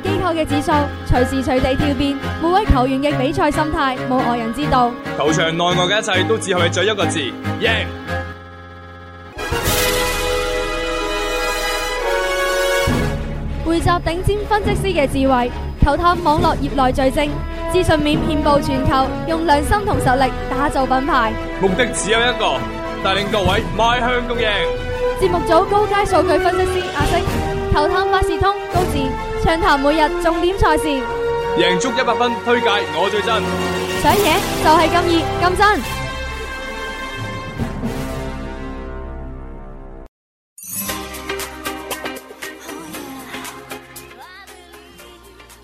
機構嘅指數隨時隨地跳變，每位球員嘅比賽心態冇外人知道。球場內外嘅一切都只係在一個字：贏。匯集頂尖分析師嘅智慧，球探網絡業內最精，資訊面遍布全球，用良心同實力打造品牌。目的只有一個，帶領各位邁向共贏。節目組高階數據分析師阿星，球探百事通。暢談每日重點賽事，贏足一百分，推介我最真，想贏就係咁易咁真。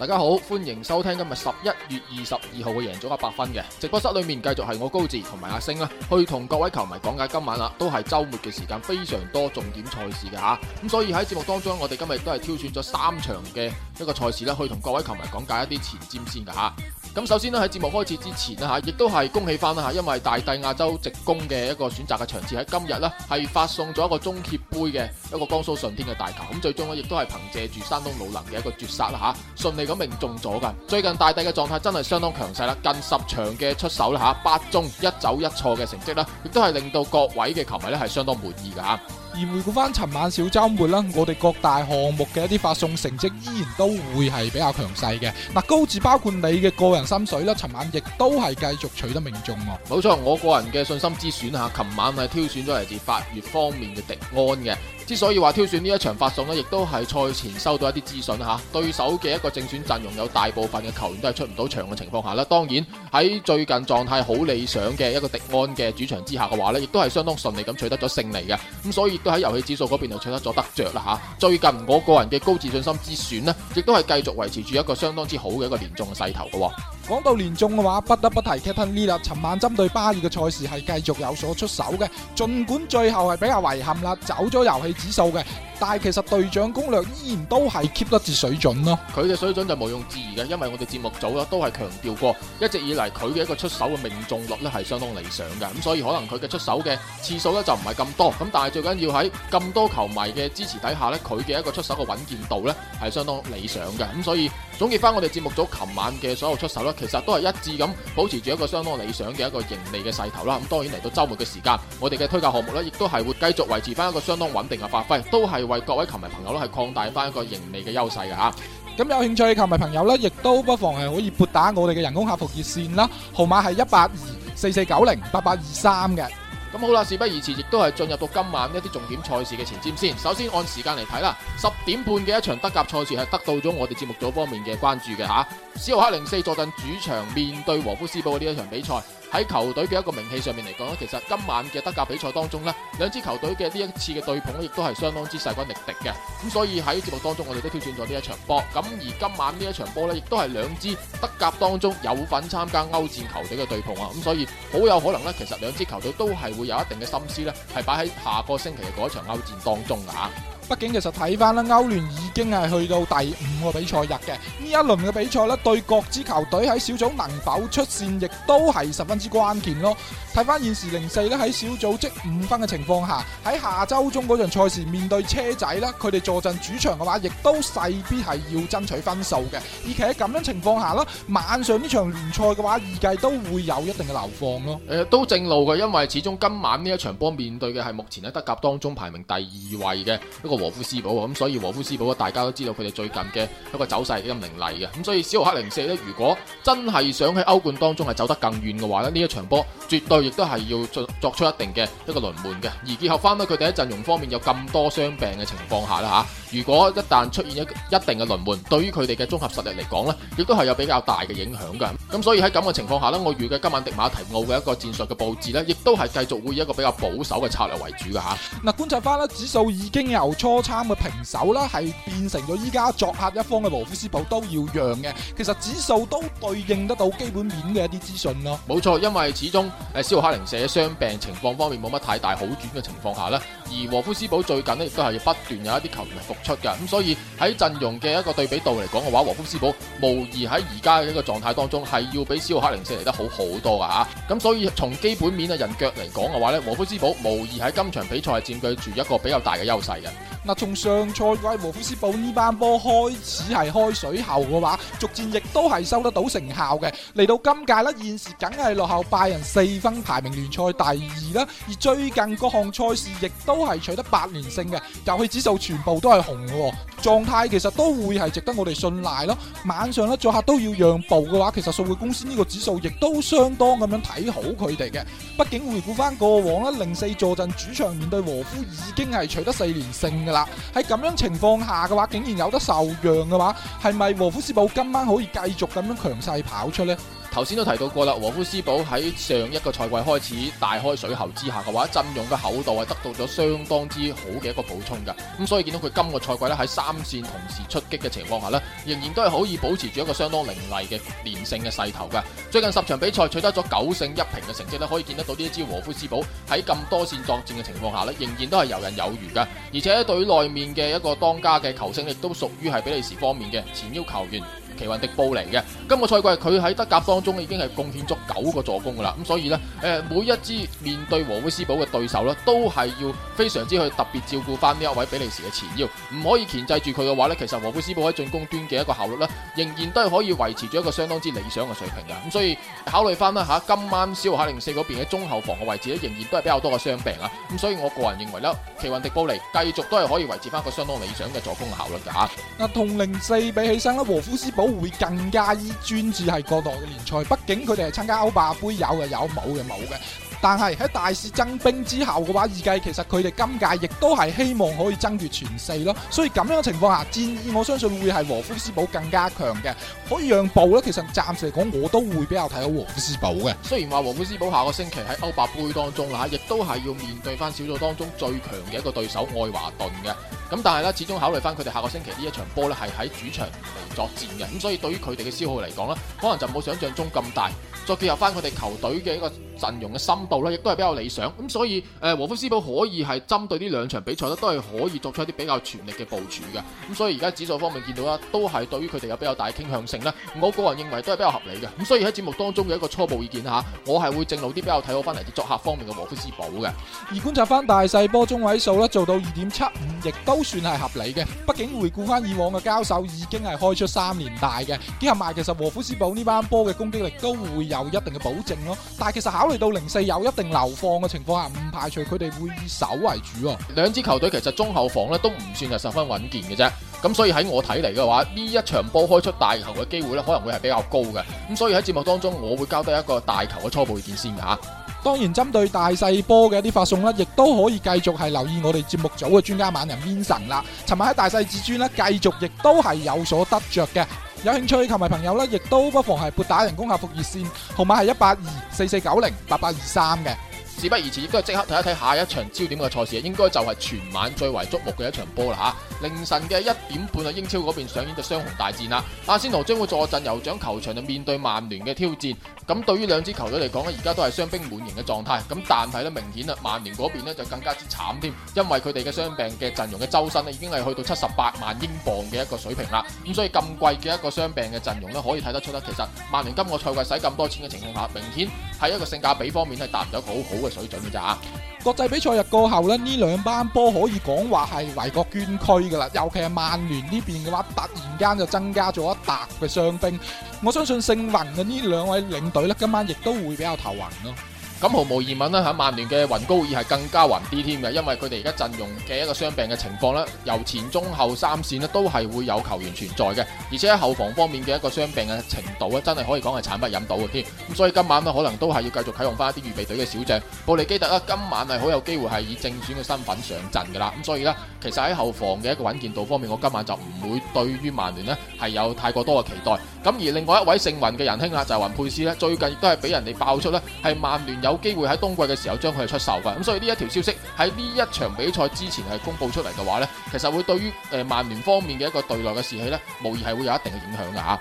大家好，歡迎收聽今日十一月二十二號嘅贏足一百分嘅直播室裏面，繼續係我高志同埋阿星啦、啊，去同各位球迷講解今晚啦、啊，都係周末嘅時間，非常多重點賽事嘅吓、啊，咁所以喺節目當中，我哋今日都係挑選咗三場嘅一個賽事啦、啊，去同各位球迷講解一啲前瞻先嘅吓、啊。咁首先咧，喺節目開始之前啦吓，亦都係恭喜翻啦吓，因為大帝亞洲直攻嘅一個選擇嘅場次喺今日呢係發送咗一個終結杯嘅一個江蘇舜天嘅大球，咁最終呢，亦都係憑借住山東魯能嘅一個絕殺啦吓，順利咁命中咗噶。最近大帝嘅狀態真係相當強勢啦，近十場嘅出手啦吓，八中一走一錯嘅成績啦，亦都係令到各位嘅球迷咧係相當滿意噶吓。而回顧翻尋晚小周末啦，我哋各大項目嘅一啲發送成績依然都會係比較強勢嘅。嗱，高至包括你嘅個人心水啦，尋晚亦都係繼續取得命中喎。冇錯，我個人嘅信心之選下，尋晚係挑選咗嚟自八月方面嘅迪安嘅。之所以話挑選呢一場發送呢，亦都係賽前收到一啲資訊吓，對手嘅一個正選陣容有大部分嘅球員都係出唔到場嘅情況下啦。當然喺最近狀態好理想嘅一個迪安嘅主場之下嘅話呢，亦都係相當順利咁取得咗勝利嘅。咁、啊、所以都喺遊戲指數嗰邊就取得咗得着啦吓、啊。最近我個人嘅高自信心之選呢，亦都係繼續維持住一個相當之好嘅一個連中嘅勢頭嘅。啊講到連中嘅話，不得不提 Captain Lee 啦。尋晚針對巴爾嘅賽事係繼續有所出手嘅，儘管最後係比較遺憾啦，走咗遊戲指數嘅，但係其實隊長攻略依然都係 keep 得住水準咯。佢嘅水準就毋庸置疑嘅，因為我哋節目組啦都係強調過，一直以嚟佢嘅一個出手嘅命中率咧係相當理想嘅，咁所以可能佢嘅出手嘅次數咧就唔係咁多，咁但係最緊要喺咁多球迷嘅支持底下呢，佢嘅一個出手嘅穩健度咧係相當理想嘅，咁所以。總結翻我哋節目組琴晚嘅所有出手咧，其實都係一致咁保持住一個相當理想嘅一個盈利嘅勢頭啦。咁當然嚟到周末嘅時間，我哋嘅推介項目呢亦都係會繼續維持翻一個相當穩定嘅發揮，都係為各位球迷朋友呢係擴大翻一個盈利嘅優勢嘅吓。咁有興趣嘅球迷朋友呢，亦都不妨係可以撥打我哋嘅人工客服熱線啦，號碼係一八二四四九零八八二三嘅。咁好啦，事不宜遲，亦都係進入到今晚一啲重點賽事嘅前瞻先。首先按時間嚟睇啦，十點半嘅一場德甲賽事係得到咗我哋節目組方面嘅關注嘅嚇。斯洛克零四坐鎮主場面對和夫斯堡嘅呢一場比賽。喺球隊嘅一個名氣上面嚟講呢，其實今晚嘅德甲比賽當中呢，兩支球隊嘅呢一次嘅對碰呢，亦都係相當之勢均力敵嘅。咁所以喺節目當中，我哋都挑選咗呢一場波。咁而今晚呢一場波呢，亦都係兩支德甲當中有份參加歐戰球隊嘅對碰啊。咁所以好有可能呢，其實兩支球隊都係會有一定嘅心思呢，係擺喺下個星期嘅嗰一場歐戰當中啊。畢竟其實睇翻啦，歐聯已經係去到第五個比賽日嘅，呢一輪嘅比賽咧，對各支球隊喺小組能否出線，亦都係十分之關鍵咯。睇翻現時零四咧，喺小組積五分嘅情況下，喺下周中嗰場賽事面對車仔啦，佢哋坐鎮主場嘅話，亦都勢必係要爭取分數嘅。而且喺咁樣情況下啦，晚上呢場聯賽嘅話，預計都會有一定嘅流放咯。誒、嗯，都正路嘅，因為始終今晚呢一場波面對嘅係目前喺德甲當中排名第二位嘅一個和夫斯堡。咁所以和夫斯堡，大家都知道佢哋最近嘅一個走勢咁凌厲嘅。咁所以小黑零四咧，如果真係想喺歐冠當中係走得更遠嘅話咧，呢一場波絕對。亦都係要作作出一定嘅一個輪換嘅，而結合翻到佢哋喺陣容方面有咁多傷病嘅情況下啦吓。啊如果一旦出現一一定嘅輪換，對於佢哋嘅綜合實力嚟講呢，亦都係有比較大嘅影響嘅。咁所以喺咁嘅情況下呢，我預計今晚迪馬提奧嘅一個戰術嘅佈置呢，亦都係繼續會以一個比較保守嘅策略為主嘅嚇。嗱，觀察翻啦，指數已經由初參嘅平手啦，係變成咗依家作客一方嘅和夫斯堡都要讓嘅。其實指數都對應得到基本面嘅一啲資訊咯。冇錯，因為始終誒肖克林傷病情況方面冇乜太大好轉嘅情況下呢，而和夫斯堡最近呢，亦都係不斷有一啲球員復出嘅咁、嗯，所以喺陣容嘅一個對比度嚟講嘅話，和夫斯堡無疑喺而家嘅一個狀態當中係要比斯奧克零四嚟得好好多噶吓，咁、啊嗯、所以從基本面嘅人腳嚟講嘅話咧，和夫斯堡無疑喺今場比賽係佔據住一個比較大嘅優勢嘅。嗱，從上賽季沃夫斯堡呢班波開始係開水喉嘅話，逐漸亦都係收得到成效嘅。嚟到今屆咧，現時梗係落後拜仁四分，排名聯賽第二啦。而最近各項賽事亦都係取得八連勝嘅，遊戲指數全部都係紅喎。狀態其實都會係值得我哋信賴咯。晚上咧作客都要讓步嘅話，其實數據公司呢個指數亦都相當咁樣睇好佢哋嘅。畢竟回顧翻過往啦，零四坐鎮主場面對和夫已經係取得四連勝噶啦。喺咁樣情況下嘅話，竟然有得受讓嘅話，係咪和夫斯堡今晚可以繼續咁樣強勢跑出呢？頭先都提到過啦，和夫斯堡喺上一個賽季開始大開水喉之下嘅話，陣容嘅厚度係得到咗相當之好嘅一個補充噶。咁所以見到佢今個賽季咧喺三線同時出擊嘅情況下，呢仍然都係可以保持住一個相當凌厲嘅連勝嘅勢頭噶。最近十場比賽取得咗九勝一平嘅成績，呢可以見得到呢一支和夫斯堡喺咁多線作戰嘅情況下，呢仍然都係游刃有餘噶。而且隊內面嘅一個當家嘅球星，亦都屬於係比利時方面嘅前腰球員。奇雲迪布尼嘅，今個賽季佢喺德甲當中已經係貢獻足九個助攻噶啦，咁所以呢，誒，每一支面對和夫斯堡嘅對手呢，都係要非常之去特別照顧翻呢一位比利時嘅前腰，唔可以鉗制住佢嘅話呢，其實和夫斯堡喺進攻端嘅一個效率呢，仍然都係可以維持住一個相當之理想嘅水平嘅，咁所以考慮翻啦吓，今晚消夏零四嗰邊嘅中後防嘅位置呢，仍然都係比較多嘅傷病啦，咁所以我個人認為咧，奇雲迪布尼繼續都係可以維持翻一個相當理想嘅助攻嘅效率嘅吓，同零四比起身啦，和夫斯堡。會更加之專注係國內嘅聯賽，畢竟佢哋係參加歐霸盃，有嘅有，冇嘅冇嘅。但係喺大肆增兵之後嘅話，預計其實佢哋今屆亦都係希望可以爭奪前四咯。所以咁樣嘅情況下，戰意我相信會係和夫斯堡更加強嘅。可以讓步咧，其實暫時嚟講，我都會比較睇好禾夫斯堡嘅。雖然話禾夫斯堡下個星期喺歐霸杯當中啦，亦都係要面對翻小組當中最強嘅一個對手愛華頓嘅。咁但係咧，始終考慮翻佢哋下個星期呢一場波咧，係喺主場嚟作戰嘅。咁所以對於佢哋嘅消耗嚟講呢，可能就冇想象中咁大。再結合翻佢哋球隊嘅一個陣容嘅深度呢，亦都係比較理想。咁所以，誒、呃、禾夫斯堡可以係針對呢兩場比賽呢，都係可以作出一啲比較全力嘅部署嘅。咁所以而家指數方面見到啦，都係對於佢哋有比較大傾向性。我個人認為都係比較合理嘅，咁所以喺節目當中嘅一個初步意見嚇，我係會正路啲比較睇好翻嚟啲作客方面嘅和夫斯堡嘅。而觀察翻大細波中位數咧，做到二點七五，亦都算係合理嘅。畢竟回顧翻以往嘅交手，已經係開出三連大嘅。結合埋其實和夫斯堡呢班波嘅攻擊力都會有一定嘅保證咯。但係其實考慮到零四有一定流放嘅情況下，唔排除佢哋會以守為主。兩支球隊其實中後防咧都唔算係十分穩健嘅啫。咁所以喺我睇嚟嘅話，呢一場波開出大球嘅機會咧，可能會係比較高嘅。咁所以喺節目當中，我會交低一個大球嘅初步意見先吓。當然，針對大細波嘅一啲發送咧，亦都可以繼續係留意我哋節目組嘅專家猛人 Minson 啦。尋晚喺大細至尊啦，繼續亦都係有所得着嘅。有興趣嘅球迷朋友咧，亦都不妨係撥打人工客服熱線號碼係一八二四四九零八八二三嘅。事不宜遲，亦都係即刻睇一睇下一場焦點嘅賽事，應該就係全晚最為矚目嘅一場波啦嚇。凌晨嘅一點半啊，英超嗰邊上演咗雙雄大戰啦。阿仙奴將會坐鎮酋長球場，就面對曼聯嘅挑戰。咁對於兩支球隊嚟講咧，而家都係傷兵滿營嘅狀態。咁但係咧，明顯啦，曼聯嗰邊咧就更加之慘添，因為佢哋嘅傷病嘅陣容嘅周身咧已經係去到七十八萬英鎊嘅一個水平啦。咁所以咁貴嘅一個傷病嘅陣容咧，可以睇得出得其實曼聯今個賽季使咁多錢嘅情況下，明顯。喺一個性價比方面都係達唔到好好嘅水準嘅咋。國際比賽日過後咧，呢兩班波可以講話係為國捐軀噶啦。尤其係曼聯呢邊嘅話，突然間就增加咗一笪嘅傷兵。我相信姓雲嘅呢兩位領隊咧，今晚亦都會比較頭暈咯。咁毫無疑問啦，喺曼聯嘅雲高爾係更加雲啲添嘅，因為佢哋而家陣容嘅一個傷病嘅情況咧，由前中後三線咧都係會有球員存在嘅，而且喺後防方面嘅一個傷病嘅程度咧，真係可以講係慘不忍睹嘅添。咁所以今晚呢，可能都係要繼續啟用翻一啲預備隊嘅小將，布利基特咧今晚係好有機會係以正選嘅身份上陣嘅啦。咁所以呢，其實喺後防嘅一個穩健度方面，我今晚就唔會對於曼聯呢係有太過多嘅期待。咁而另外一位姓雲嘅仁兄啦，就係雲佩斯咧，最近亦都係俾人哋爆出咧，係曼聯有機會喺冬季嘅時候將佢出售嘅。咁所以呢一條消息喺呢一場比賽之前係公佈出嚟嘅話咧，其實會對於誒曼聯方面嘅一個隊內嘅士氣咧，無疑係會有一定嘅影響㗎吓。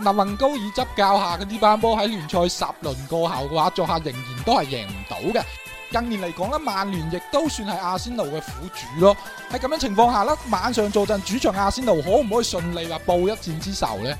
嗱，雲高爾執教下嘅呢班波喺聯賽十輪過後嘅話，作客仍然都係贏唔到嘅。近年嚟講咧，曼聯亦都算係阿仙奴嘅苦主咯。喺咁樣情況下呢，晚上坐陣主場，阿仙奴可唔可以順利話報一箭之仇呢？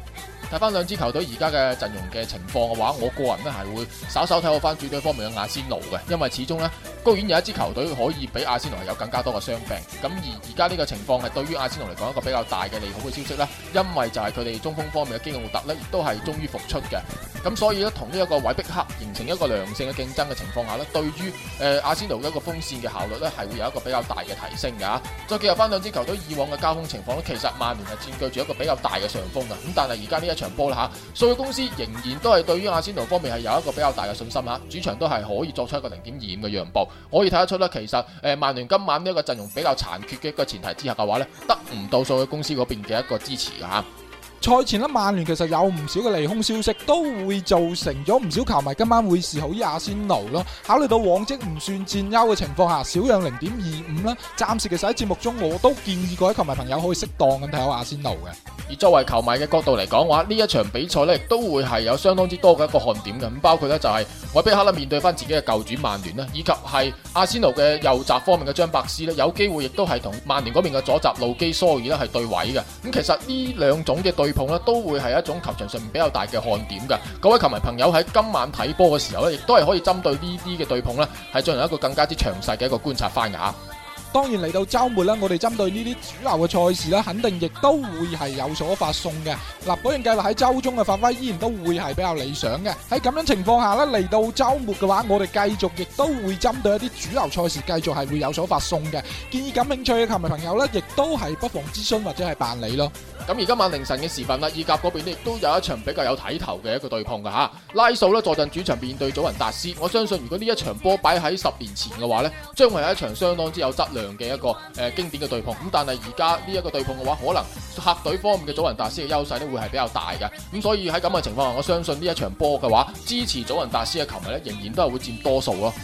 睇翻兩支球隊而家嘅陣容嘅情況嘅話，我個人呢係會稍稍睇好翻主隊方面嘅阿仙奴嘅，因為始終呢，居然有一支球隊可以比阿仙奴有更加多嘅傷病。咁而而家呢個情況係對於阿仙奴嚟講一個比較大嘅利好嘅消息呢，因為就係佢哋中鋒方面嘅基奧特呢，亦都係終於復出嘅。咁所以呢，同呢一個韋碧克形成一個良性嘅競爭嘅情況下呢，對於誒、呃、阿仙奴嘅一個風扇嘅效率咧，係會有一個比較大嘅提升嘅、啊、再結合翻兩支球隊以往嘅交鋒情況咧，其實曼聯係佔據住一個比較大嘅上風嘅。咁但係而家呢一場波啦嚇，數據公司仍然都係對於阿仙奴方面係有一個比較大嘅信心嚇。主場都係可以作出一個零點二五嘅讓步。可以睇得出咧，其實誒、呃、曼聯今晚呢一個陣容比較殘缺嘅一個前提之下嘅話咧，得唔到數據公司嗰邊嘅一個支持嘅嚇、啊。賽前咧，曼聯其實有唔少嘅利空消息，都會造成咗唔少球迷今晚會示好伊阿仙奴咯。考慮到往績唔算佔優嘅情況下，小讓零點二五啦，暫時其實喺節目中我都建議各位球迷朋友可以適當咁睇下伊阿仙奴嘅。以作為球迷嘅角度嚟講話，呢一場比賽咧都會係有相當之多嘅一個看點嘅，咁包括咧就係威比克啦面對翻自己嘅舊主曼聯咧，以及係阿仙奴嘅右閘方面嘅張伯斯呢，有機會亦都係同曼聯嗰邊嘅左閘路基疏爾咧係對位嘅。咁其實呢兩種嘅對碰呢，都會係一種球場上面比較大嘅看點嘅。各位球迷朋友喺今晚睇波嘅時候呢，亦都係可以針對呢啲嘅對碰呢，係進行一個更加之詳細嘅一個觀察翻嘅。當然嚟到周末啦，我哋針對呢啲主流嘅賽事啦，肯定亦都會係有所發送嘅。嗱，保贏計劃喺周中嘅發揮依然都會係比較理想嘅。喺咁樣情況下啦，嚟到周末嘅話，我哋繼續亦都會針對一啲主流賽事繼續係會有所發送嘅。建議感興趣嘅球迷朋友咧，亦都係不妨諮詢或者係辦理咯。咁而今晚凌晨嘅時分啦，意甲嗰邊咧亦都有一場比較有睇頭嘅一個對碰噶吓，拉素咧坐陣主場面對祖雲達斯，我相信如果呢一場波擺喺十年前嘅話呢，將會係一場相當之有質量嘅一個誒經典嘅對碰。咁但係而家呢一個對碰嘅話，可能客隊方面嘅祖雲達斯嘅優勢咧會係比較大嘅，咁所以喺咁嘅情況下，我相信呢一場波嘅話，支持祖雲達斯嘅球迷咧仍然都係會佔多數咯。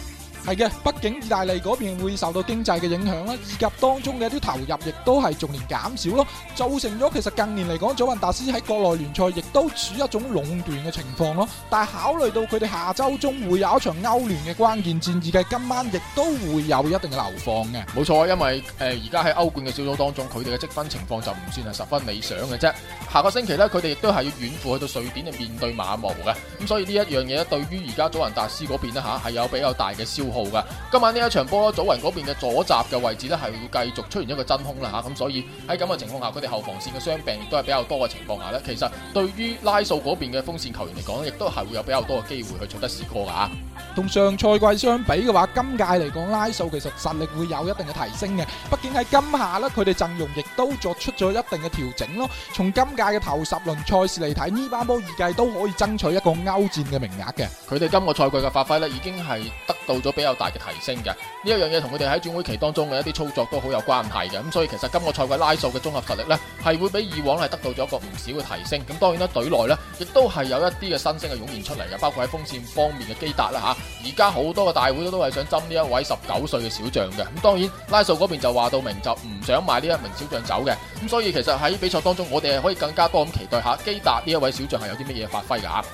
係嘅，畢竟意大利嗰邊會受到經濟嘅影響啦，以及當中嘅一啲投入亦都係逐年減少咯，造成咗其實近年嚟講，祖雲達斯喺國內聯賽亦都處於一種壟斷嘅情況咯。但係考慮到佢哋下周中會有一場歐聯嘅關鍵戰，而嘅今晚亦都會有一定嘅流放嘅。冇錯，因為誒而家喺歐冠嘅小組當中，佢哋嘅積分情況就唔算係十分理想嘅啫。下個星期呢，佢哋亦都係要遠赴去到瑞典去面對馬毛嘅，咁所以呢一樣嘢對於而家祖雲達斯嗰邊呢吓係有比較大嘅消好噶，今晚呢一場波咧，祖雲嗰邊嘅左閘嘅位置呢，係會繼續出現一個真空啦吓，咁、啊、所以喺咁嘅情況下，佢哋後防線嘅傷病亦都係比較多嘅情況下呢。其實對於拉素嗰邊嘅鋒線球員嚟講咧，亦都係會有比較多嘅機會去取得試過噶。同、啊、上賽季相比嘅話，今屆嚟講拉素其實實力會有一定嘅提升嘅，畢竟喺今夏呢，佢哋陣容亦都作出咗一定嘅調整咯。從今屆嘅頭十輪賽事嚟睇，呢班波預計都可以爭取一個歐戰嘅名額嘅。佢哋今個賽季嘅發揮呢，已經係得到咗比比較大嘅提升嘅，呢一樣嘢同佢哋喺轉會期當中嘅一啲操作都好有關係嘅，咁、嗯、所以其實今個賽季拉素嘅綜合實力呢，係會比以往係得到咗一個唔少嘅提升，咁、嗯、當然啦，隊內呢亦都係有一啲嘅新星嘅湧現出嚟嘅，包括喺鋒線方面嘅基達啦吓，而家好多嘅大會都係想爭呢一位十九歲嘅小將嘅，咁、嗯、當然拉素嗰邊就話到明就唔想買呢一名小將走嘅，咁、嗯、所以其實喺比賽當中我哋係可以更加多咁期待下基達呢一位小將係有啲乜嘢發揮噶。啊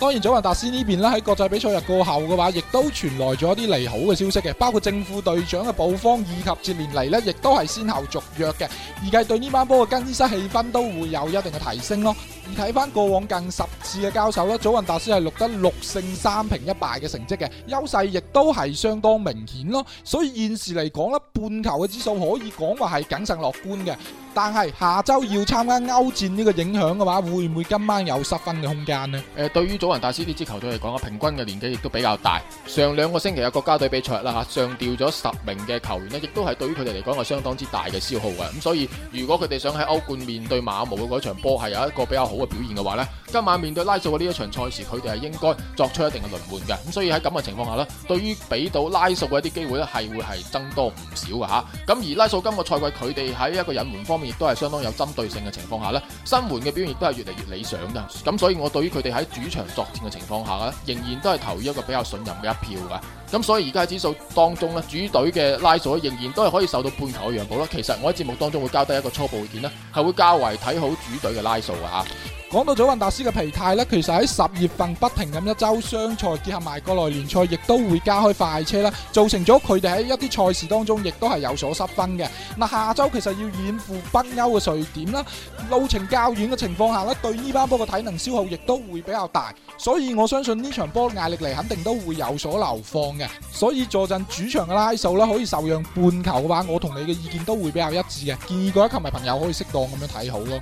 當然，祖雲達斯呢邊咧喺國際比賽日過後嘅話，亦都傳來咗一啲利好嘅消息嘅，包括正副隊長嘅布方以及哲連尼呢亦都係先後續約嘅，預計對呢班波嘅更衣室氣氛都會有一定嘅提升咯。而睇翻過往近十次嘅交手啦，祖雲達斯係錄得六勝三平一敗嘅成績嘅，優勢亦都係相當明顯咯。所以現時嚟講啦，半球嘅指數可以講話係謹慎樂觀嘅。但係下周要參加歐戰呢個影響嘅話，會唔會今晚有十分嘅空間呢？誒、呃，對於祖雲達斯呢支球隊嚟講啊，平均嘅年紀亦都比較大。上兩個星期啊，國家隊比賽啦吓，上調咗十名嘅球員咧，亦都係對於佢哋嚟講係相當之大嘅消耗嘅。咁、嗯、所以如果佢哋想喺歐冠面對馬毛嘅嗰場波，係有一個比較好。個表現嘅話咧，今晚面對拉素嘅呢一場賽事，佢哋係應該作出一定嘅輪換嘅。咁所以喺咁嘅情況下咧，對於俾到拉素嘅一啲機會咧，係會係增多唔少嘅吓。咁、啊、而拉素今個賽季佢哋喺一個引援方面亦都係相當有針對性嘅情況下咧，新援嘅表現亦都係越嚟越理想嘅。咁所以我對於佢哋喺主場作戰嘅情況下咧，仍然都係投予一個比較信任嘅一票嘅。咁所以而家喺指數當中咧，主隊嘅拉數仍然都係可以受到半球嘅讓步啦。其實我喺節目當中會交低一個初步意見啦，係會較為睇好主隊嘅拉數啊。講到祖雲達斯嘅疲態咧，其實喺十月份不停咁一周雙賽結合埋國內聯賽，亦都會加開快車啦，造成咗佢哋喺一啲賽事當中亦都係有所失分嘅。嗱，下周其實要遠赴北歐嘅瑞典啦，路程較遠嘅情況下咧，對呢班波嘅體能消耗亦都會比較大，所以我相信呢場波壓力嚟，肯定都會有所流放嘅。所以坐陣主場嘅拉素咧，可以受讓半球嘅話，我同你嘅意見都會比較一致嘅，建議各位球迷朋友可以適當咁樣睇好咯。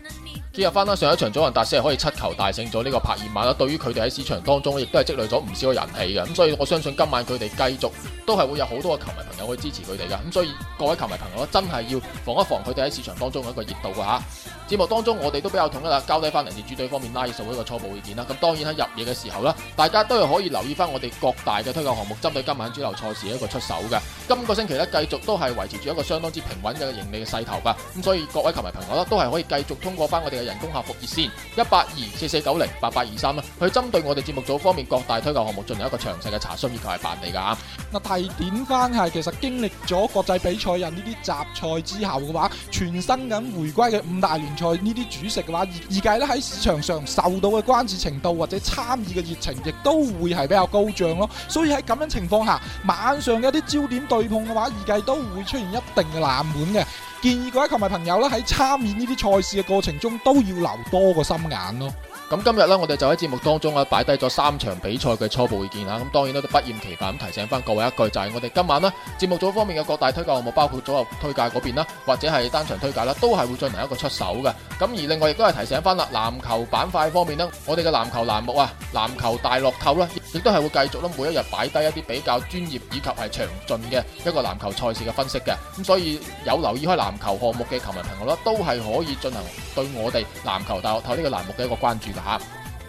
今日翻啦上一場祖雲達可以七球大勝咗呢個帕耶馬啦，對於佢哋喺市場當中亦都係積累咗唔少嘅人氣嘅，咁所以我相信今晚佢哋繼續都係會有好多嘅球迷朋友去支持佢哋噶，咁所以各位球迷朋友真係要防一防佢哋喺市場當中嘅一個熱度噶吓。節目當中我哋都比較統一啦，交低翻嚟，自主隊方面拉數一個初步意見啦。咁當然喺入夜嘅時候呢，大家都係可以留意翻我哋各大嘅推介項目，針對今晚主流賽事一個出手嘅。今個星期呢，繼續都係維持住一個相當之平穩嘅盈利嘅勢頭噶。咁所以各位球迷朋友呢，都係可以繼續通過翻我哋嘅人工客服熱線一八二四四九零八八二三啦，23，去針對我哋節目組方面各大推介項目進行一個詳細嘅查詢以及係辦理噶。嗱，提點翻係，其實經歷咗國際比賽人呢啲集賽之後嘅話，全新緊回歸嘅五大聯在呢啲主食嘅話，預預計咧喺市場上受到嘅關注程度或者參與嘅熱情，亦都會係比較高漲咯。所以喺咁樣情況下，晚上嘅一啲焦點對碰嘅話，預計都會出現一定嘅冷門嘅。建議各位球迷朋友咧喺參與呢啲賽事嘅過程中，都要留多個心眼咯。咁今日呢，我哋就喺節目當中啊，擺低咗三場比賽嘅初步意見吓。咁當然都不厭其煩咁提醒翻各位一句，就係我哋今晚啦，節目組方面嘅各大推介項目，包括組合推介嗰邊啦，或者係單場推介啦，都係會進行一個出手嘅。咁而另外亦都係提醒翻啦，籃球板塊方面呢，我哋嘅籃球欄目啊，籃球大樂透啦，亦都係會繼續咧，每一日擺低一啲比較專業以及係詳盡嘅一個籃球賽事嘅分析嘅。咁所以有留意開籃球項目嘅球迷朋友啦，都係可以進行對我哋籃球大樂透呢個欄目嘅一個關注。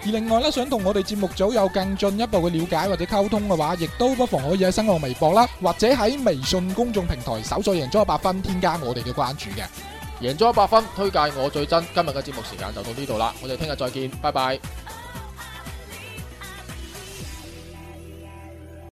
而另外啦，想同我哋節目組有更進一步嘅了解或者溝通嘅話，亦都不妨可以喺新浪微博啦，或者喺微信公眾平台搜索贏足 100FUN，添加我哋嘅關注嘅贏足 100FUN，推介我最真。今日嘅節目時間就到呢度啦，我哋聽日再見，拜拜。